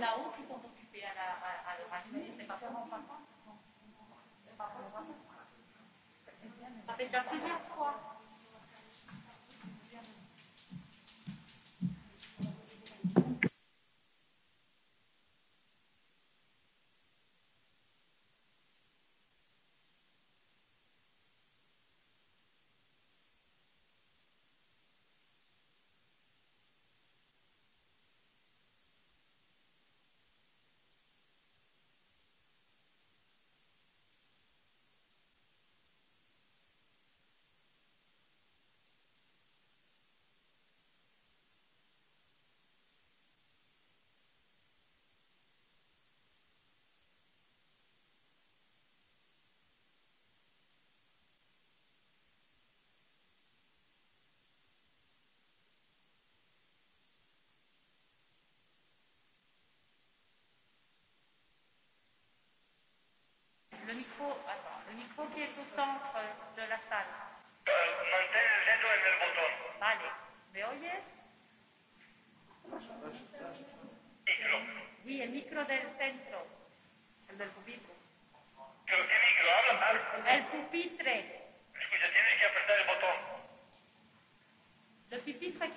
là-haut qui sont occupés à, la, à, à leur avenir, c'est pas forcément pas. Ça fait déjà plusieurs.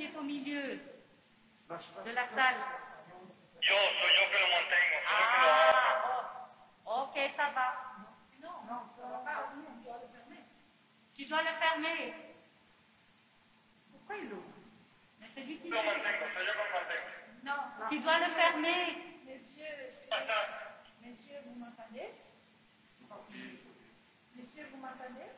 qui est au milieu de la salle. Yo soy yo que lo mantengo. Ah, oh, ok, ça va. Non, non, ça va pas. On doit le fermer. Tu dois le fermer. Pourquoi il l'ouvre Mais c'est lui qui le mantengo, soy yo que lo mantengo. Non, tu dois le fermer. Messieurs, excusez-moi. Messieurs, vous m'entendez Messieurs, vous m'entendez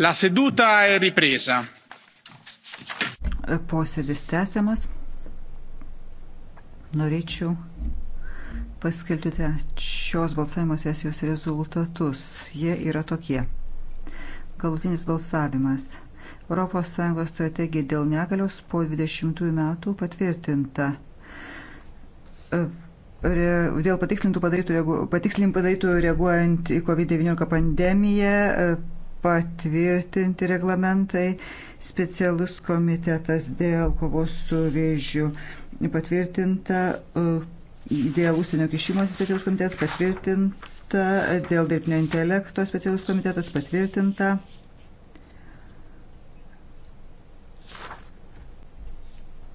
La seduta è ripresa. Posėdis tęsiamas. Norėčiau paskelbti šios balsavimo sesijos rezultatus. Jie yra tokie. Galutinis balsavimas. ES strategija dėl negalios po 20 metų patvirtinta. E, dėl patikslintų padarytų, padarytų reaguojant į COVID-19 pandemiją e, patvirtinti reglamentai, specialus komitetas dėl kovos su vėžiu patvirtinta, e, dėl užsienio kišimos specialus komitetas patvirtinta, dėl dirbtinio intelekto specialus komitetas patvirtinta.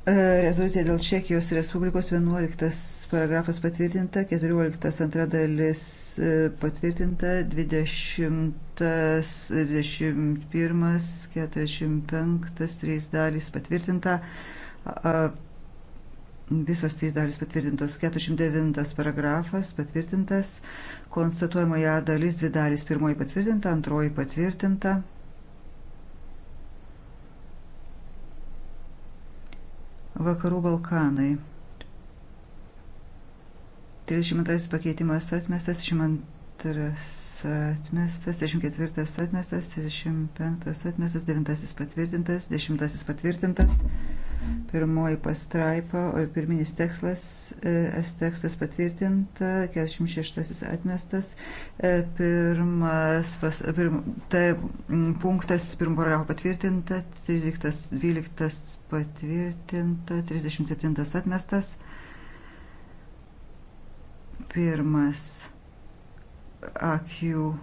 E, rezoliucija dėl Čekijos Respublikos 11 paragrafas patvirtinta, 14 antra dalis e, patvirtinta, 20, 21, 45, 3 dalys patvirtinta, visos 3 dalys patvirtintos, 409 paragrafas patvirtintas, konstatuojamoje dalis 2 dalys, pirmoji patvirtinta, antroji patvirtinta. Vakarų Balkanai. 32 pakeitimas atmestas, 62 atmestas, 64 atmestas, 35 atmestas, 9 patvirtintas, 10 patvirtintas pirmoji pastraipa, o pirminis tekstas, e, S tekstas patvirtinta, 46 atmestas, e, pirmas, pas, pirm, tai, T punktas, pirmo paragrafo patvirtinta, 13, 12 patvirtinta, 37 atmestas, pirmas AQ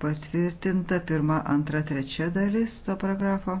patvirtinta, pirma, antra, trečia dalis to paragrafo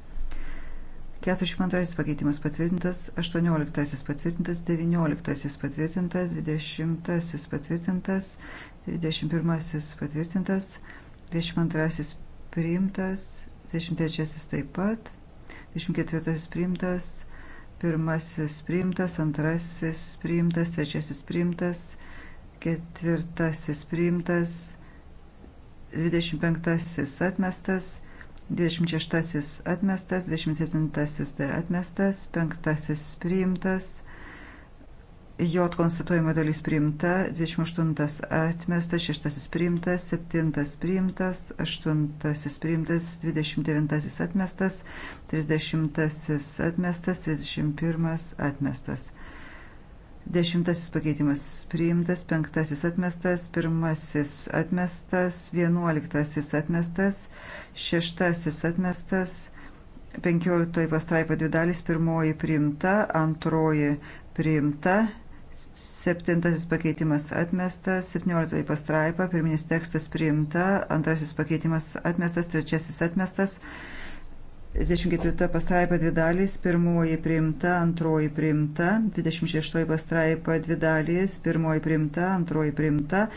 42 pakeitimas patvirtintas, 18 patvirtintas, 19 patvirtintas, 20 patvirtintas, 21 patvirtintas, 22 priimtas, 23 taip pat, 24 priimtas, 1 priimtas, 2 priimtas, 3 priimtas, 4 priimtas, 25 atmestas, 26 atmestas, 27 D atmestas, 5 priimtas, J konstatuojama dalis priimta, 28 atmestas, 6 priimtas, 7 priimtas, 8 priimtas, 29 atmestas, 30 atmestas, 31 atmestas. Dešimtasis pakeitimas priimtas, penktasis atmestas, pirmasis atmestas, vienuoliktasis atmestas, šeštasis atmestas, penkioliktoji pastraipa dvi dalis, pirmoji priimta, antroji priimta, Septintasis pakeitimas atmestas, septynioliktoji pastraipa, pirminis tekstas priimta, antrasis pakeitimas atmestas, trečiasis atmestas, 24 pastraipa dvi dalys, pirmoji priimta, antroji priimta, 26 pastraipa dvi dalys, pirmoji priimta, antroji priimta,